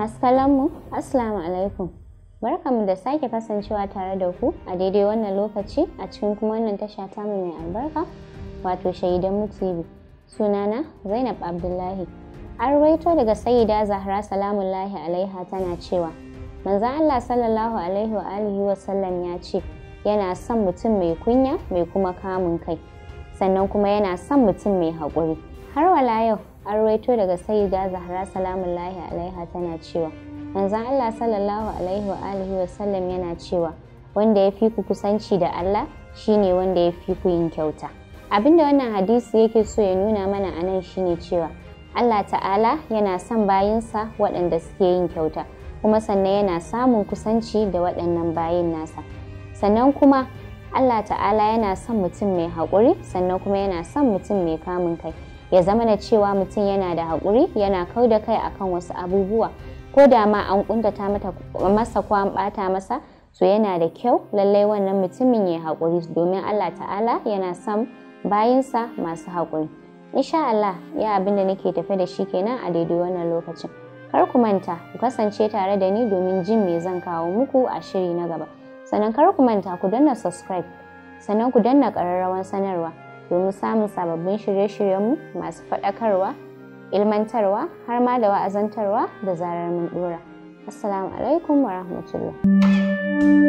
Masu kallonmu, Assalamu alaikum. Barkamu da sake kasancewa tare da ku a daidai wannan lokaci a cikin kuma wannan tasha mu mai albarka wato shaidan mu Sunana Zainab Abdullahi. An raito daga Sayyida Zahra salamullahi alaiha tana cewa Manzon Allah sallallahu alaihi wa alihi wa sallam ya ce yana son mutum mai kunya mai kuma kamun kai sannan kuma yana son mutum mai haƙuri. Har wala yau an rawaito daga sayyida zahra salamullahi alaiha tana cewa manzon allah sallallahu alaihi wa alihi wa sallam yana cewa wanda ya fi ku kusanci da allah shine wanda ya fi ku yin kyauta abinda wannan hadisi yake so ya nuna mana a nan shine cewa allah ta'ala yana son bayinsa waɗanda suke yin kyauta kuma sannan yana samun kusanci da waɗannan bayin nasa sannan kuma allah ta'ala yana son mutum mai haƙuri sannan kuma yana son mutum mai kamun kai ya zama na cewa mutum yana da haƙuri yana kau da kai akan wasu abubuwa ko da ma an ƙuntata masa ko an ɓata masa so yana da kyau lallai wannan mutumin ya haƙuri domin Allah ta'ala yana son bayinsa masu haƙuri insha Allah ya abin da nake tafe da shi kenan a daidai wannan lokacin kar ku manta ku kasance tare da ni domin jin me zan kawo muku a shiri na gaba sannan kar ku manta ku danna subscribe sannan ku danna ƙararrawan sanarwa domin samun sababbin shirye-shiryenmu masu faɗakarwa, ilmantarwa har ma da wa'azantarwa da zarar mun ɗora. Assalamu alaikum wa rahmatullah.